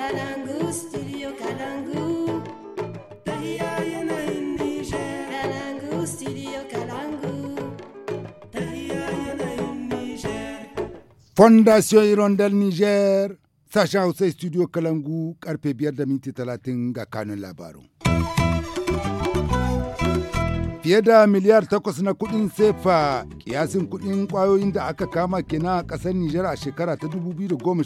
Kalangu, studio Kalangu. Tahiya yanayin Niger. Kalangu, studio Kalangu. Tahiya yanayin Niger. Fondation Hirondelle Niger. Sashen Hausa Studio Kalangu karfe biyar da minti talatin ga kanun labaru. Fiye da miliyar takwas na kudin sefa kiyasin kudin kwayoyin da aka kama kenan a ƙasar Nijar a shekara ta 2019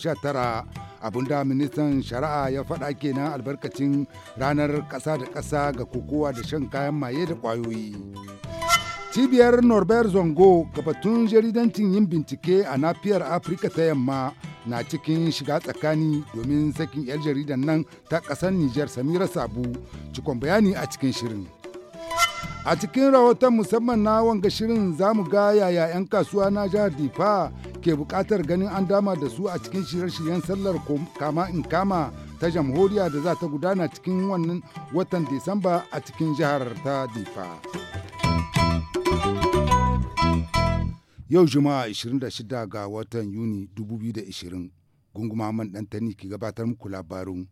abinda ministan shari'a ya faɗa kenan albarkacin ranar ƙasa da ƙasa ga kokowa da shan kayan maye da ƙwayoyi cibiyar norbert zongo gabatun jaridancin yin bincike a nafiyar afirka ta yamma na cikin shiga tsakani domin sakin 'yar jaridan nan ta ƙasar nijar samira sabu cikon bayani a cikin shirin a cikin rahoton musamman na wanga shirin za mu ga yaya 'yan kasuwa na jihar difa ke bukatar ganin an dama da su a cikin shirye-shiryen sallar kama in kama ta jamhuriya da za ta gudana cikin wannan watan Disamba a cikin jihar ta Difa. Yau Juma'a 26 ga watan Yuni 2020, man dan tani ke gabatar muku labarun.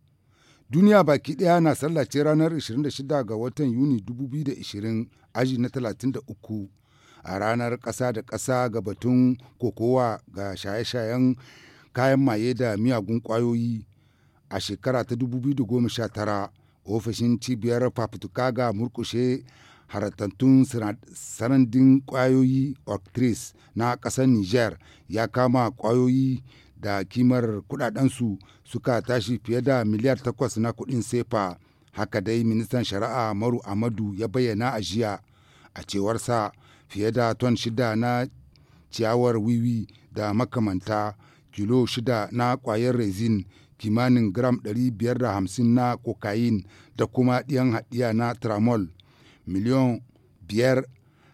Duniya baki ɗaya na sallace ranar 26 ga watan Yuni 2020 aji na 33 a ranar ƙasa da ƙasa ga batun kokowa ga shaye-shayen kayan maye da miyagun ƙwayoyi a shekara ta 2019 ofishin cibiyar fafutuka ga murkushe harantattun sanadin kwayoyi octris na ƙasar niger ya kama kwayoyi da kimar kudadensu suka tashi fiye da miliyar takwas na kudin sefa haka dai ministan shari'a maru amadu ya bayyana a jiya a cewarsa fiye da ton shida na ciyawar wiwi da makamanta kilo shida na kwayar resin kimanin gram 550 na cocaine da kuma ɗiyan haɗiya na tramol miliyon biyar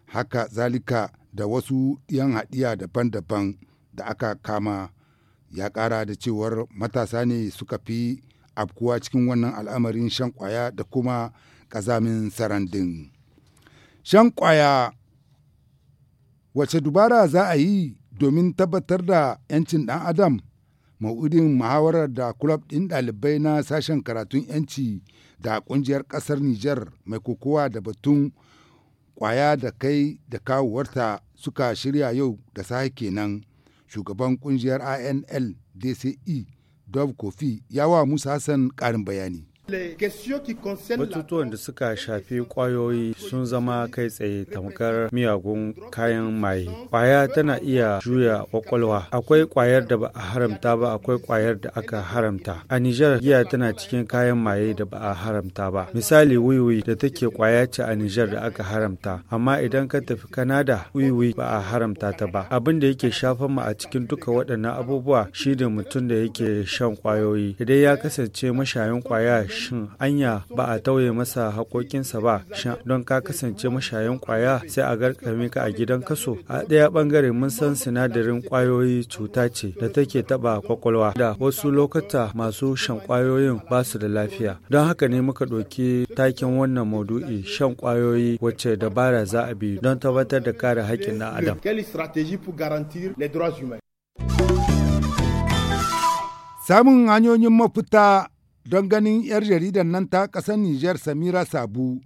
haka zalika da wasu ɗiyan haɗiya daban-daban da aka kama ya ƙara da cewar matasa ne suka fi abkuwa cikin wannan al'amarin shan kwaya da kuma ƙazamin sarandin. Shan kwaya wace dubara za a yi domin tabbatar da 'yancin ɗan adam ma'udin muhawarar da kulab ɗin ɗalibai na sashen karatun 'yanci da ƙungiyar ƙasar niger mai kokowa da batun ƙwaya da kai da kawowarta suka shirya yau da sahi kenan shugaban ƙungiyar INL DCE Dove Kofi ya wa Musa Hassan ƙarin bayani. Batutuwan da suka shafi kwayoyi sun zama kai tsaye tamkar miyagun kayan maye. Kwaya tana iya juya ƙwaƙwalwa. Akwai kwayar da ba a haramta ba, akwai kwayar da aka haramta. A Nijar giya tana cikin kayan maye da ba a haramta ba. Misali wiwi da take kwaya ce a Nijar da aka haramta. Amma idan ka tafi Kanada wiwi ba a haramta ta ba. Abin da yake shafan mu a cikin duka waɗannan abubuwa shi ne mutum da yake shan kwayoyi. Idan ya kasance mashayin kwaya shin anya ba a tauye masa haƙoƙinsa ba shin don ka kasance mashayin kwaya sai a garkame ka a gidan kaso a ɗaya ɓangare mun san sinadarin kwayoyi cuta ce da take taɓa kwakwalwa da wasu lokuta masu shan kwayoyin ba su da lafiya don haka ne muka ɗauki takin wannan maudu'i shan kwayoyi wacce dabara za a bi don tabbatar da kare haƙƙin ɗan adam Samun hanyoyin mafita don ganin 'yar jaridar nan ta ƙasar Nijar Samira Sabu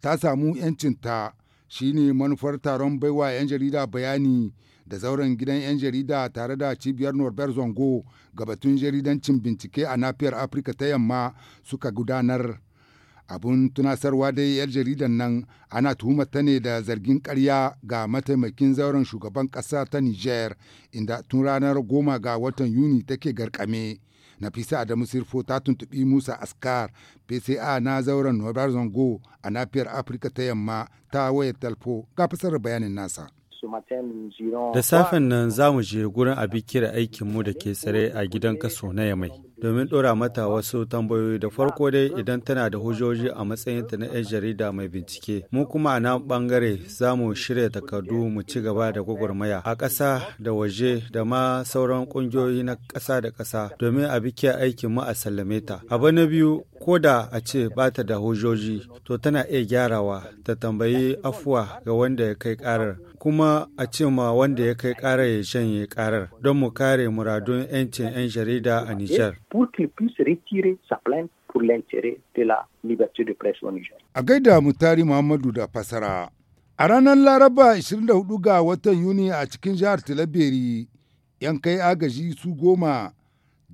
ta samu 'yancinta shi ne manufar taron baiwa 'yan jarida bayani da zauren gidan 'yan jarida tare da cibiyar Norbert Zongo ga batun jaridancin bincike a nafiyar Afirka ta yamma suka gudanar. abun tunasarwa dai yar jaridar nan ana tuhumar ta ne da zargin karya ga mataimakin zauren shugaban ƙasa ta Nijar, inda tun ranar goma ga watan yuni take garkame Nafisa Adamu Sirfo ta tuntuɓi Musa Askar PCA na zauren Nobar Zango a nafiyar Afirka ta yamma ta wayar talfo ga fasarar bayanin nasa. Da safen nan za mu je gurin aikin aikinmu da ke tsare a gidan kaso na Yamai domin ɗora mata wasu tambayoyi da farko dai idan tana da hujjoji a matsayinta na 'yan jarida mai bincike. Mu kuma a nan ɓangare za mu shirya takardu mu ci gaba da gwagwarmaya a ƙasa da waje da ma sauran ƙungiyoyi na ƙasa da ƙasa domin a aikin aikinmu a sallame ta. Abu na biyu ko da a ce ba ta da hujjoji to tana iya gyarawa ta tambayi afuwa ga wanda ya kai ƙarar. kuma a ce ma wanda ya kai ƙara ya shanye ƙarar don mu kare muradun 'yancin 'yan jarida a Nijar. A gaida Mutari Muhammadu da fasara. A ranar Laraba 24 ga watan Yuni a cikin jihar Talabiri, 'yan kai agaji su goma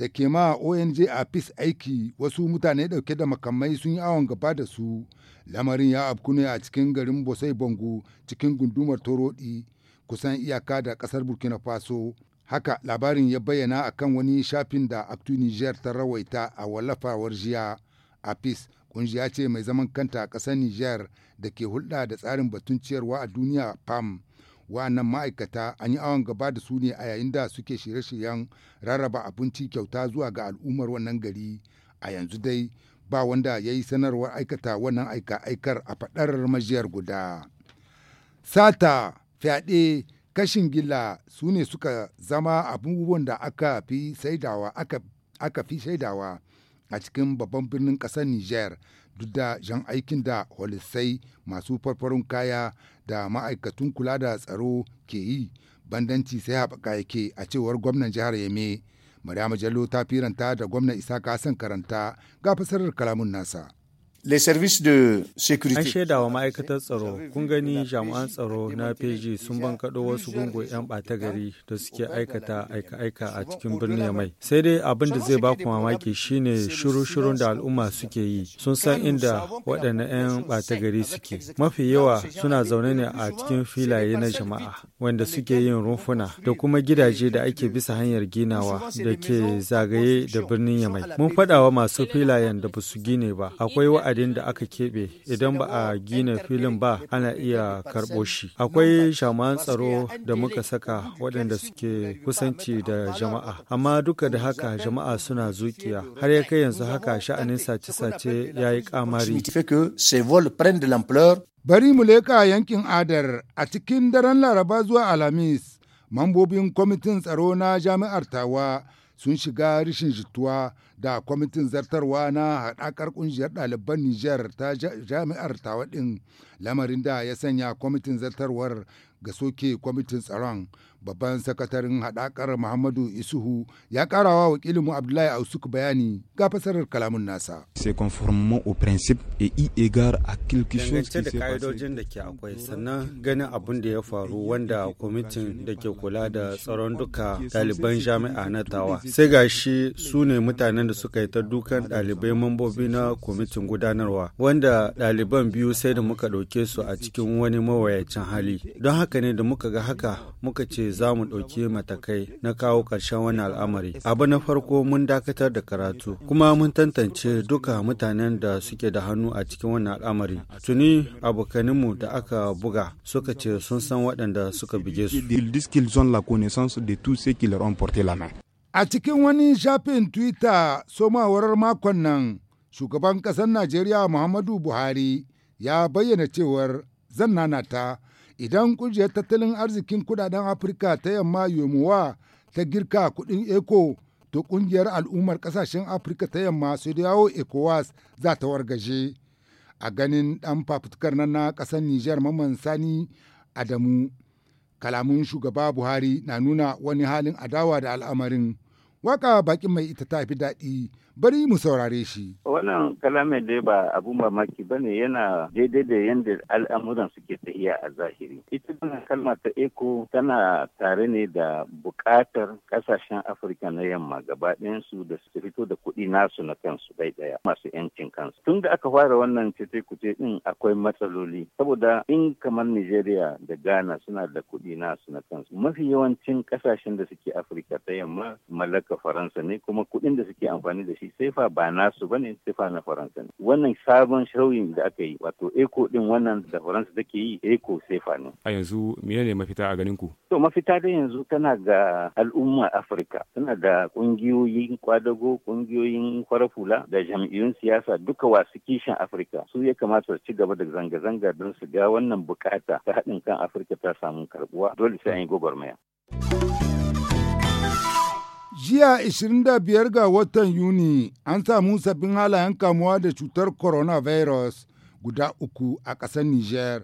da ke ma ONG a aiki wasu mutane dauke da makamai sun yi awon gaba da su. Lamarin ya afku ne a cikin garin Bosai Bongo cikin gundumar Torodi kusan iyaka da kasar Burkina Faso. Haka labarin ya bayyana akan wani shafin da Actu Niger ta rawaita a wallafawar jiya a PIS. Kungiya ce mai zaman kanta a ƙasar Niger da ke hulɗa da tsarin batun ciyarwa a duniya PAM. Wa'annan ma'aikata an yi awon gaba da su ne a yayin da suke shirye-shiryen rarraba abinci kyauta zuwa ga al'ummar wannan gari a yanzu dai ba wanda ya yi sanarwar aikata wannan aika-aikar a faɗar majiyar guda. Sata, fyaɗe, kashin gila su ne suka zama abubuwan da aka fi shaidawa a cikin babban birnin ƙasar Nijar duk da jan aikin da holisai masu farfarin kaya da ma'aikatun kula da tsaro ke yi bandanci sai haɓaka yake a cewar gwamnan jihar yame Maryama Jallo ta firanta da gwamnan Isa Kasan karanta ga fasarar kalamun nasa. de An shaida wa ma'aikatar tsaro, kun gani jami'an tsaro na PG sun bankaɗo wasu gungun 'yan ɓata gari da suke aikata aika-aika a cikin birnin Yamai. Sai dai abin da zai baku mamaki shine shiru-shirun da al'umma suke yi. Sun san inda waɗannan 'yan ɓata gari suke. Mafi yawa suna zaune ne a cikin filaye na jama'a, wanda suke yin rumfuna da kuma gidaje da ake bisa hanyar ginawa da ke zagaye da birnin Yamai. Mun faɗawa masu filayen da ba su gine ba. Akwai wa'adin da aka keɓe idan ba a gina filin ba ana iya karɓo shi akwai shaman tsaro da muka saka waɗanda suke kusanci da jama'a amma duka da haka jama'a suna zukiya har ya kai yanzu haka sha'anin sace-sace ya yi kamari bari mu leka yankin adar a cikin daren laraba zuwa alhamis mambobin kwamitin tsaro na jami'ar tawa sun shiga rishin jituwa da kwamitin zartarwa na haɗakar ƙungiyar ɗaliban Nijar ta jami'ar tawaɗin lamarin da ya sanya kwamitin zartarwar ga soke kwamitin tsaron babban sakataren haɗakar muhammadu isuhu ya karawa wakilinmu abdullahi ausuk bayani ga fasarar kalamun nasa c'est conformément au principe et y égard à quelque chose da ka'idojin da ke akwai sannan ganin abin da ya faru wanda kwamitin da ke kula da tsaron duka ɗaliban jami'a na tawa sai gashi su ne mutanen da suka yi ta dukan ɗalibai mambobi na kwamitin gudanarwa wanda ɗaliban biyu sai da muka ɗauke su a cikin wani mawayacin hali don haka ne da muka ga haka muka ce za mu ɗauki matakai na kawo ƙarshen wani al'amari abu na farko mun dakatar da karatu kuma mun tantance duka mutanen da suke da hannu a cikin wani al'amari tuni abokaninmu da aka buga suka ce sun san waɗanda suka bige su a cikin wani shafin twitter somawar makon nan shugaban ƙasar najeriya muhammadu buhari ya bayyana cewar zan nanata Idan ƙungiyar tattalin arzikin kudaden Afirka ta yamma yomowa ta girka kudin eco to kungiyar al'ummar kasashen Afirka ta yamma su dawo ECOWAS za ta wargaje. A ganin ɗan fafutukar nan na ƙasar Nijar Maman Sani Adamu, kalamun shugaba Buhari na nuna wani halin adawa da al'amarin. Waka bakin mai ita ta fi daɗi bari mu saurare shi. Wannan kalamai dai ba abun mamaki ba ne yana daidai da yadda al'amuran suke tafiya a zahiri. Ita wannan kalma ta eko tana tare ne da buƙatar ƙasashen Afirka na yamma gaba su da su fito da kuɗi nasu na kansu bai ɗaya masu ‘yancin kansu. Tun da aka fara wannan cece kuce ɗin akwai matsaloli saboda in kamar nigeria da Ghana suna da kuɗi nasu na kansu. Mafi yawancin ƙasashen da suke Afirka ta yamma mallaka Faransa ne kuma kuɗin da suke amfani da shi sefa ba nasu bane sefa na faransa ne wannan sabon shirin da aka yi wato eco din wannan da faransa take yi eco sefa ne a yanzu ne mafita a ganin ku to mafita da yanzu tana ga al'umma afirka tana da kungiyoyin kwadago kungiyoyin farafula da jam'iyyun siyasa duka wasu kishin afirka su ya kamata su ci gaba da zanga-zanga don su ga wannan bukata ta haɗin kan afirka ta samu karbuwa dole sai an yi gwagwarmaya. Jiya 25 ga watan Yuni an samu sabbin halayen kamuwa da cutar coronavirus guda uku a ƙasar Nijar,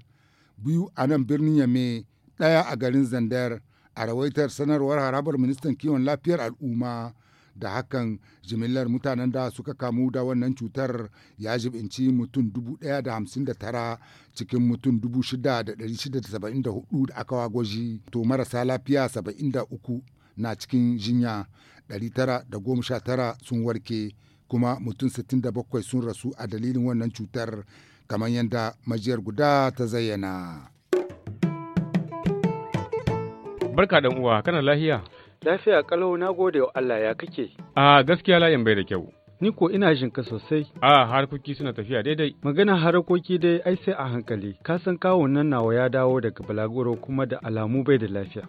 biyu a nan birnin Yame, ɗaya a garin Zandar, a rawaitar sanarwar harabar ministan kiwon lafiyar al'umma. Da hakan jimillar mutanen da suka kamu da wannan cutar ya jibinci mutum 1,059 cikin mutum 6,674 da aka wagwaji to marasa lafiya 73 na cikin jinya 919 sun warke kuma mutum 67 sun rasu a dalilin wannan cutar kamar yadda majiyar guda ta zayyana. Barka da uwa kana lahiya? Lafiya kalau na gode wa Allah ya kake. A gaskiya layin bai da kyau. ni ko ina jin ka sosai. A harkoki suna tafiya daidai. Magana harkoki dai ai sai a hankali. Ka san kawo nan nawa ya dawo daga balagoro kuma da alamu bai da lafiya.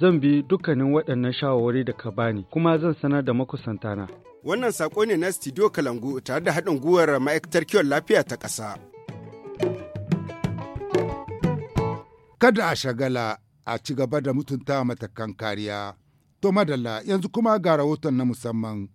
zan bi dukkanin waɗannan shawarwari da ka bani kuma zan sanar da makusantana. Wannan saƙo ne na Studio Kalangu tare da haɗin gwiwar ma'aikatar kiwon lafiya ta ƙasa. Kada a shagala a ci gaba da mutunta matakan kariya. To madalla yanzu kuma ga rahoton na musamman.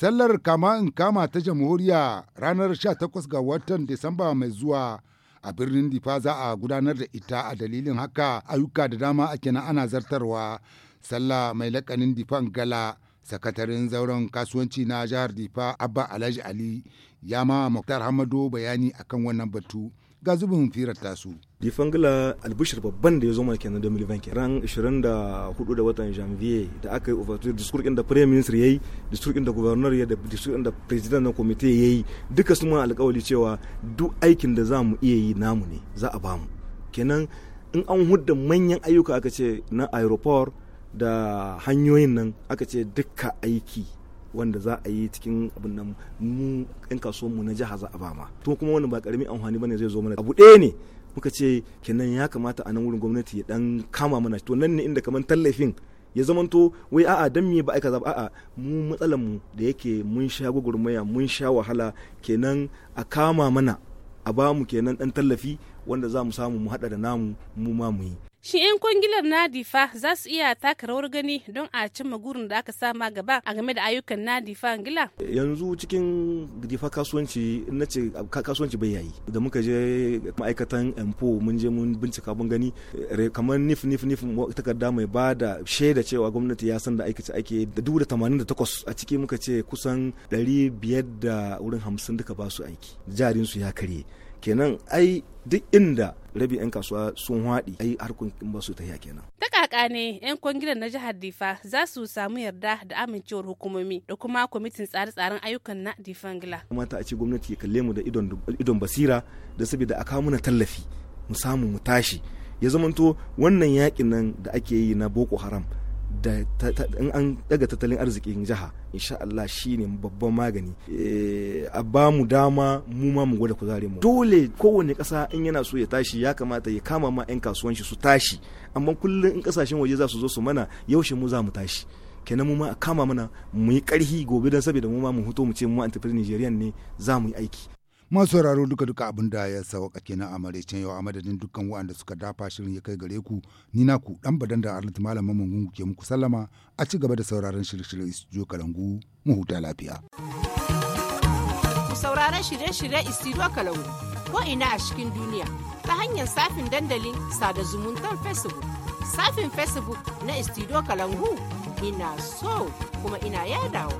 Sallar kama in kama ta jamhuriya ranar 18 ga watan Disamba mai zuwa a birnin difa za a gudanar da ita a dalilin haka ayyuka da dama a kenan ana zartarwa sallah mai lakanin difan gala sakatarin zauren kasuwanci na jihar difa abba alhaji ali ya ma muktar hamado bayani akan wannan batu ga zubin firar tasu. Difangila albishir babban da ya zo mana kenan 2020 ran 24 da watan janvier da aka yi overture discours da prime minister yayi discours da governor ya da discours da president na committee yayi duka sun mana alƙawari cewa duk aikin da zamu iya yi namu ne za a bamu kenan in an hudda manyan ayyuka aka ce na aeroport da hanyoyin nan aka ce duka aiki wanda za a yi cikin abin nan mu yan kasuwan mu na jiha za a ba ma to kuma wannan ba karamin amfani bane zai zo mana abu ɗaya ne muka ce kenan ya kamata a nan wurin gwamnati ya dan kama mana to nan ne inda kaman tallafin ya zamanto wai a'a dan me ba aika zaba a'a mu matsalar mu da yake mun sha gwagwarmaya mun sha wahala kenan a kama mana a ba mu kenan dan tallafi wanda za mu samu mu hada da namu mu ma mu yi Shi 'yan kwangilar Nadifa za su iya taka rawar gani don a cimma gurin da aka sama gaba a game da ayyukan Nadifa Ngila? Yanzu cikin Difa kasuwanci na ce kasuwanci bai yayi. Da muka je ma'aikatan mpo mun je mun bincika mun gani kamar nif nif nif takarda mai ba da shaida cewa gwamnati ya san da aikace ake da dubu da tamanin da takwas a ciki muka ce kusan ɗari biyar da wurin hamsin duka ba su aiki. jarinsu ya karye. kenan ai duk inda rabi 'yan kasuwa sun haɗi ai harkokin ba su kenan. Ta kaka ne 'yan kwangilan na jihar Difa za su samu yarda da amincewar hukumomi da kuma kwamitin tsare-tsaren ayyukan na Difangila. kuma ta ce gwamnati ya kalle mu da idon basira da saboda a kawo mana tallafi mu samu mu tashi ya zamanto wannan yakin nan da ake yi na Boko Haram da in an daga tattalin arzikin jiha insha Allah shi ne babban magani eh, a ba mu dama mu ma mu gwada kuzarin mu dole kowane kasa in yana so ya tashi ya kamata ya kama ma 'yan kasuwan shi su tashi amma kullum in kasashen waje za su zo su mana yaushe mu za mu tashi kenan mu ma kama mana mu yi karhi gobe don saboda mu ma mu huto mu ce mu tafi Nigeria ne za mu yi aiki masu sauraro duka duka abin da ya sauka kenan a maraicen yau a madadin dukkan wa'anda suka dafa shirin ya kai gare ku ni na ku dan badan da arlit malamin mun ke muku sallama a ci gaba da sauraron shirye-shiryen studio kalangu mu huta lafiya. sauraron shirye-shirye istiro kalangu ko ina a cikin duniya ta hanyar safin dandalin sada zumuntar facebook safin facebook na istiro kalangu ina so kuma ina yadawa.